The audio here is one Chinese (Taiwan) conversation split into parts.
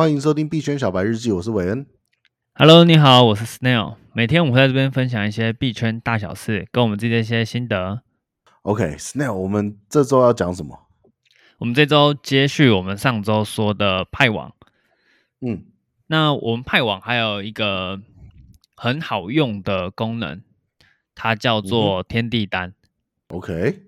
歡迎收聽幣圈小白日記，我是韋恩。Hello，你好，我是 Snail。每天我們會在這邊分享一些幣圈大小事，跟我們自己的一些心得。OK，Snail，okay, 我們這週要講什麼？我們這週接續我們上周說的派網。嗯，那我們派網還有一個很好用的功能，它叫做天地單。OK，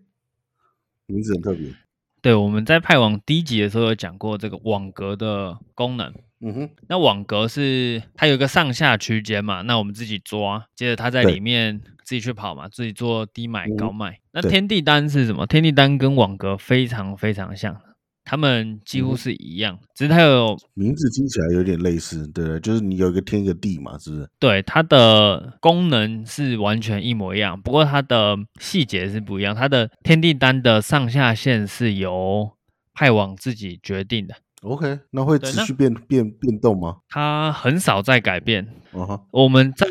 名字很特別。對，我們在派網第一集的時候有講過這個網格的功能。嗯哼，那網格是它有一個上下區間嘛，那我們自己抓，接着它在裡面自己去跑嘛，對自己做低買高賣。嗯、那天地單是什麼？對天地單跟網格非常非常像。它們幾乎是一樣，嗯、只是它有名字聽起來有點類似，對，就是你有一個天一個地嘛，是不是？對，它的功能是完全一模一樣，不過它的細節是不一樣。它的天地單的上下限是由派網自己決定的。OK，那會持續變呢變變動嗎？它很少在改變。Uh huh、我們在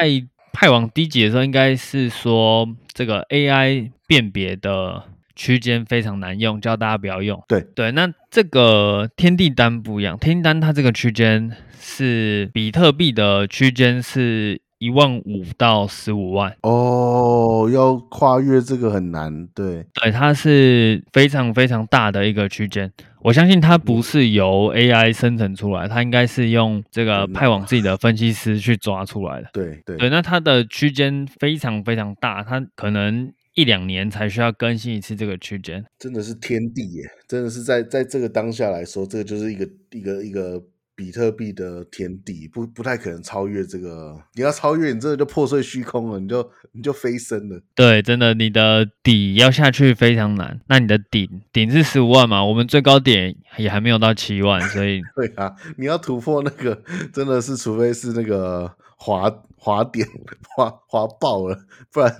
派網低級的時候，應該是說這個 AI 辨別的。區間非常難用，教大家不要用。對對，那這個天地單不一樣，天地單它這個區間是比特幣的區間是一萬五到十五萬。哦，要跨越這個很難。對對，它是非常非常大的一個區間。我相信它不是由 AI 生成出來，它應該是用這個派網自己的分析師去抓出來的。對對對，那它的區間非常非常大，它可能一兩年才需要更新一次這個區間，真的是天地耶，真的是在在這個當下來說，這個就是一個一個一個比特幣的天地，不不太可能超越這個。你要超越，你這個就破碎虛空了，你就你就飛升了。對，真的，你的底要下去非常難，那你的頂頂是十五萬嘛？我們最高點也還沒有到七萬，所以 對啊，你要突破那個，真的是除非是那個滑滑點滑滑爆了，不然。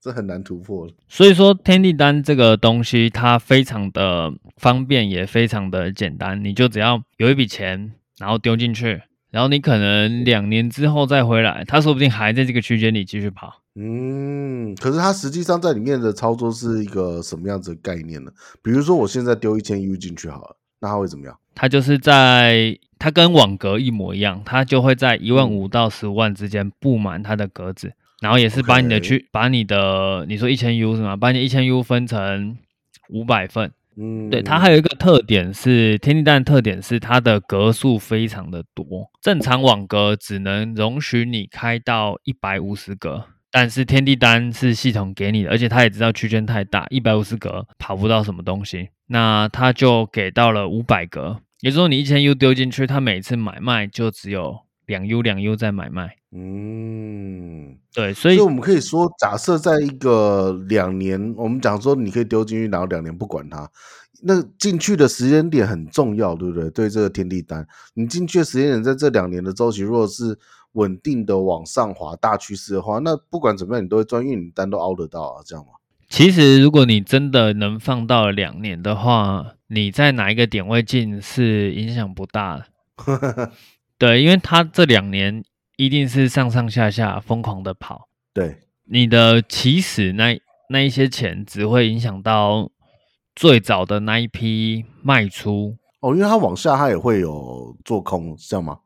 這很難突破，所以說天地單這個東西，它非常的方便，也非常的簡單。你就只要有一筆錢，然後丟進去，然後你可能兩年之後再回來，它說不定還在這個區間裡繼續跑。嗯，可是它實際上在裡面的操作是一個什麼樣子的概念呢？比如說我現在丟一千 U 進去好了，那它會怎麼樣？它就是在，它跟網格一模一樣，它就會在一萬五到十五萬之間布滿它的格子。然後也是把你的區，Okay. 把你的，你說一千 U 是嗎？把你一千 U 分成五百份。嗯，對，它還有一個特點是天地單，特點是它的格數非常的多。正常網格只能容許你開到一百五十格，但是天地單是系統給你的，而且它也知道區間太大，一百五十格跑不到什麼東西，那它就給到了五百格。也就是說你一千 U 丟進去，它每次買賣就只有兩 U 兩 U 在買賣。嗯。對，所以,所以我們可以說，假設在一個兩年，我們講說你可以丟進去，然後兩年不管它，那進去的時間點很重要，對不對？對這個天地單，你進去的時間點在這兩年的周期，如果是穩定的往上滑大趨勢的話，那不管怎麼樣，你都會賺運單都熬得到啊，這樣嘛。其實如果你真的能放到兩年的話，你在哪一個點位進是影響不大的， 對，因為他這兩年。一定是上上下下瘋狂的跑。對，你的起始那那一些錢只會影響到最早的那一批賣出哦，因為它往下它也會有做空，是這樣嗎？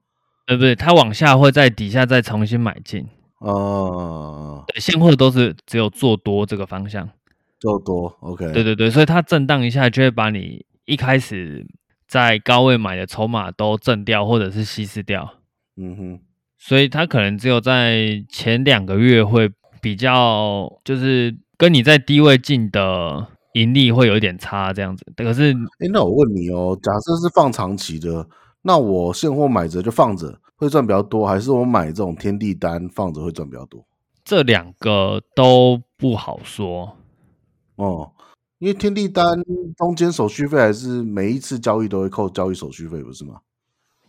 呃，不對，它往下會在底下再重新買進啊、呃，對，現貨都是只有做多這個方向，做多，OK，對對對，所以它震盪一下就會把你一開始在高位買的籌碼都震掉或者是稀釋掉，嗯哼。所以它可能只有在前兩個月會比較，就是跟你在低位進的盈利會有一點差這樣子。可是，哎，那我問你哦，假設是放長期的，那我現貨買着就放着會賺比較多，還是我買這種天地單放着會賺比較多？這兩個都不好說哦，因為天地單中間手續費還是每一次交易都會扣交易手續費，不是嗎？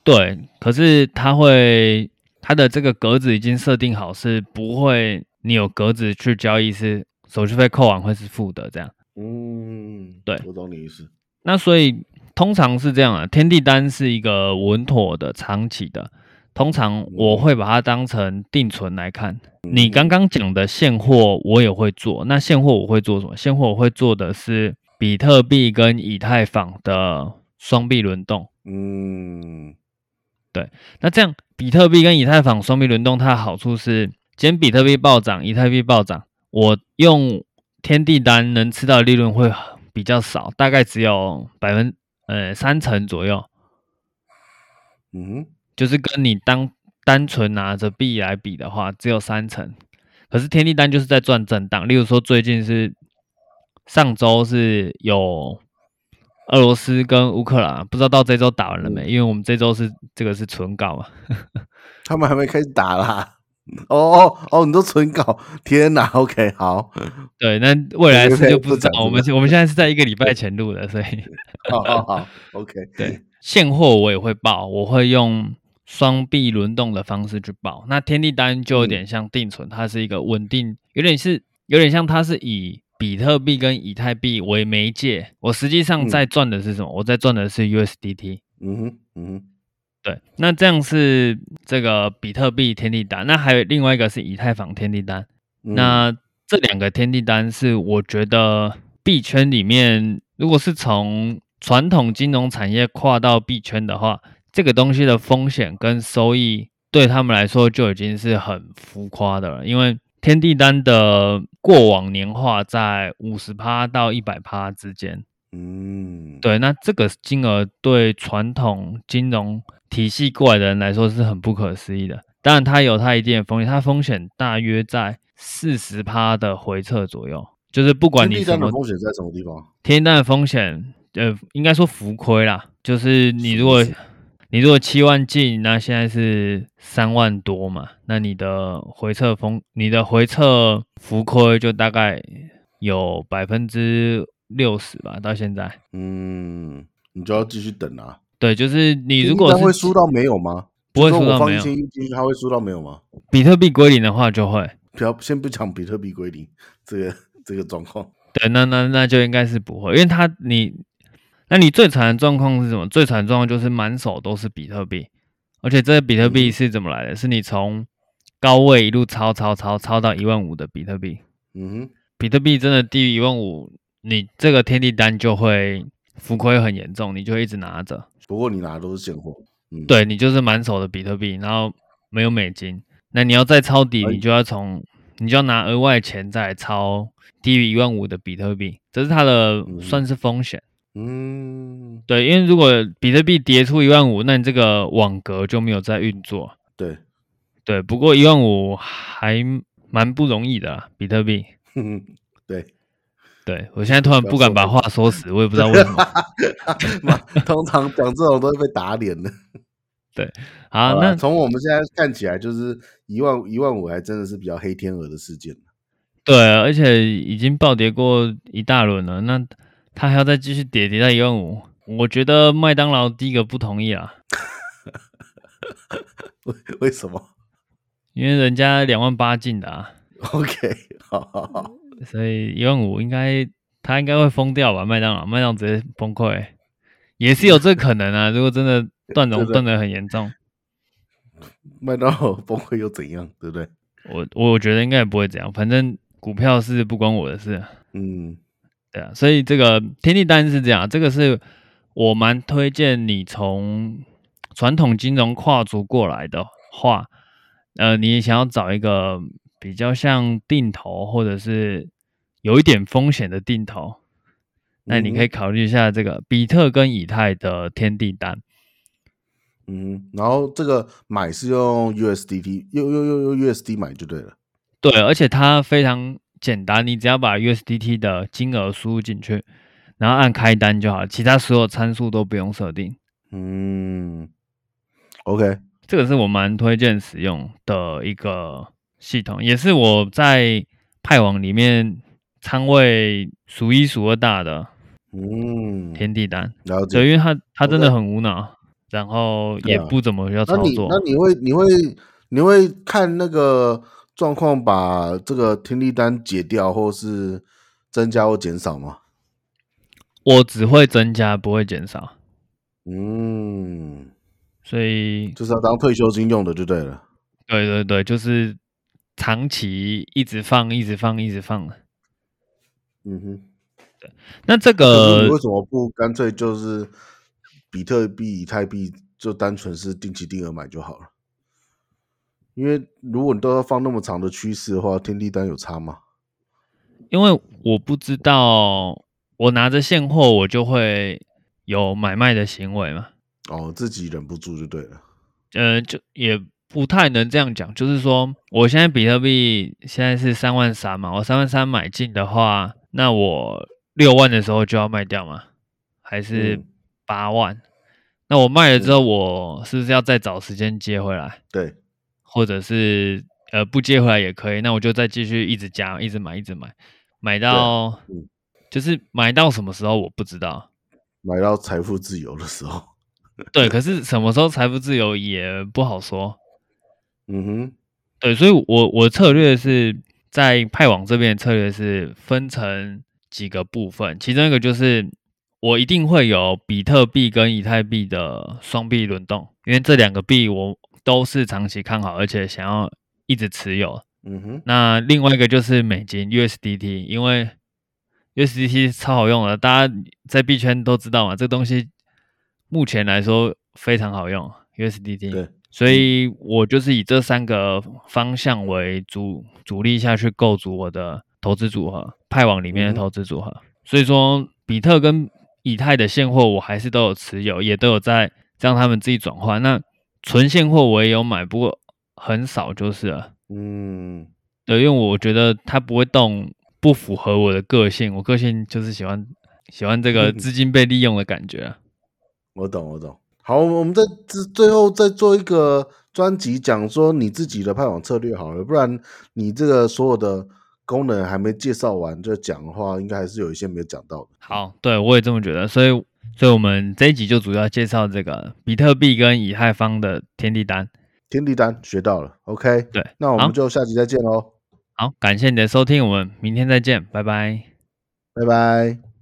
對，可是它會。它的這個格子已經設定好，是不會你有格子去交易是手續費扣完會是負的這樣。嗯，對，我懂你意思。那所以通常是這樣啊，天地單是一個穩妥的長期的，通常我會把它當成定存來看。你剛剛講的現貨我也會做，那現貨我會做什麼？現貨我會做的是比特幣跟以太坊的雙幣輪動。嗯。對，那這樣比特幣跟以太坊雙幣輪動，它的好處是，今天比特幣暴漲，以太幣暴漲，我用天地單能吃到的利潤會比較少，大概只有百分呃三成左右。嗯哼，就是跟你單單純拿着幣來比的話，只有三成。可是天地單就是在賺震盪，例如說最近是上周是有。俄羅斯跟烏克蘭，不知道到這周打完了沒？因為我們這周是這個是存稿啊， 他們還沒開始打啦、啊。哦哦哦，你都存稿，天哪！OK，好，對，那未來是就不知道我們我們現在是在一個禮拜前錄的，所以好好好，OK，對，現貨我也會報，我會用雙幣輪動的方式去報。那天地單就有點像定存，它是一個穩定，有點是有點像它是以。比特幣跟以太幣為媒介，我實際上在賺的是什麼？嗯、我在賺的是 USDT。嗯哼，嗯哼，對。那這樣是這個比特幣天地單，那還有另外一個是以太坊天地單。嗯哼。那這兩個天地單是我覺得幣圈裡面，如果是從傳統金融產業跨到幣圈的話，這個東西的風險跟收益對他們來說就已經是很浮誇的了，因為天地單的。過往年化在五十趴到一百趴之間，嗯，對，那這個金額對傳統金融體系過來的人來說是很不可思議的。當然，它有它一定的風險，它風險大約在四十趴的回撤左右，就是不管你什麼。天地單的風險在什麼地方？天地單的風險，呃，應該說浮虧啦，就是你如果。是你如果七萬進，那現在是三萬多嘛？那你的回撤風，你的回撤浮虧就大概有百分之六十吧？到現在，嗯，你就要繼續等啊。對，就是你如果，但會輸到沒有嗎？不會輸到沒有。我放心，他會輸到沒有嗎？比特幣歸零的話就會，不要先不講比特幣歸零這個這個狀況。對，那那那就應該是不會，因為它你。那你最慘的狀況是什麼？最慘狀況就是滿手都是比特幣，而且這個比特幣是怎麼來的？嗯、哼是你從高位一路抄抄抄抄到一萬五的比特幣。嗯哼，比特幣真的低於一萬五，你這個天地單就會浮虧很嚴重，你就一直拿着。不過你拿的都是現貨，嗯、對，你就是滿手的比特幣，然後沒有美金，那你要再抄底，你就要從、哎、你就要拿額外的錢再抄低於一萬五的比特幣，這是它的算是風險。嗯嗯，對，因為如果比特幣跌出一萬五，那你這個網格就沒有在運作。對，對，不過一萬五還蠻不容易的啊，比特幣。 對，對，我現在突然不敢把話說死，我也不知道為什麼。 對 通常講這種都會被打臉的。對，好，好吧那從我們現在看起來，就是一萬一萬五還真的是比較黑天鵝的事件。對，而且已經暴跌過一大輪了，那。他還要再繼續跌，跌到一萬五，我覺得麥當勞第一個不同意啊。為 為什麼？因為人家兩萬八進的啊。OK，好，好，好，所以一萬五應該他應該會瘋掉吧？麥當勞，麥當勞直接崩潰，也是有這可能啊。 如果真的斷融斷的很嚴重，麥 當勞崩潰又怎樣？對不對？我我我覺得應該也不會怎樣，反正股票是不關我的事。嗯。對啊，所以這個天地單是這樣，這個是我蠻推薦你從傳統金融跨足過來的話，呃，你想要找一個比較像定投或者是有一點風險的定投，那你可以考慮一下這個比特跟以太的天地單。嗯，然後這個買是用 USDT，用用用用 USD 買就對了。對，而且它非常，簡單，你只要把 USDT 的金額輸入進去，然後按開單就好，其他所有參數都不用設定。嗯，OK，這個是我蠻推薦使用的一個系統，也是我在派網裡面倉位數一數二大的。嗯，天地單，對、嗯，因為它它真的很無腦，對然後也不怎麼要操作、啊那。那你會，你會，你會看那個？狀況把這個天地單解掉，或是增加或減少嗎？我只會增加，不會減少。嗯，所以就是要當退休金用的，就對了。對對對，就是長期一直放，一直放，一直放。嗯哼，對。那這個，那你為什麼不乾脆就是比特幣、以太幣，就單純是定期定額買就好了？因為如果你都要放那麼長的趨勢的話，天地單有差嗎？因為我不知道，我拿着現貨，我就會有買賣的行為嘛。哦，自己忍不住就對了。呃，就也不太能這樣講。就是說，我現在比特幣現在是三萬三嘛，我三萬三買進的話，那我六萬的時候就要賣掉嗎？還是八萬？嗯、那我賣了之後，我是不是要再找時間接回來？嗯嗯、對。或者是呃不接回來也可以，那我就再繼續一直加，一直買，一直買，買到、嗯、就是買到什麼時候我不知道，買到財富自由的時候。 對，可是什麼時候財富自由也不好說。嗯哼，對，所以我，我我策略是在派網這邊，策略是分成幾個部分，其中一個就是我一定會有比特幣跟以太幣的雙幣輪動，因為這兩個幣我。都是長期看好，而且想要一直持有。嗯哼。那另外一個就是美金、嗯、哼 （USDT），因為 USDT 超好用了，大家在幣圈都知道嘛，這個、東西目前來說非常好用。USDT 對，所以我就是以這三個方向為主，主力下去構築我的投資組合，派網裡面的投資組合。嗯、哼所以說，比特跟以太的現貨我還是都有持有，也都有在讓他們自己轉換。那純現貨我也有買，不過很少就是了。嗯，對，因為我覺得它不會動，不符合我的個性。我個性就是喜歡喜歡這個資金被利用的感覺。嗯，我懂，我懂。好，我們在這最後再做一個專輯，講說你自己的派網策略好了，不然你這個所有的功能還沒介紹完，就講的話，應該還是有一些沒有講到。好，對我也這麼覺得，所以。所以，我們這一集就主要介紹這個比特幣跟以太坊的天地單。天地單學到了，OK？對，那我們就下集再見咯。好。好，感謝你的收聽，我們明天再見，拜拜，拜拜。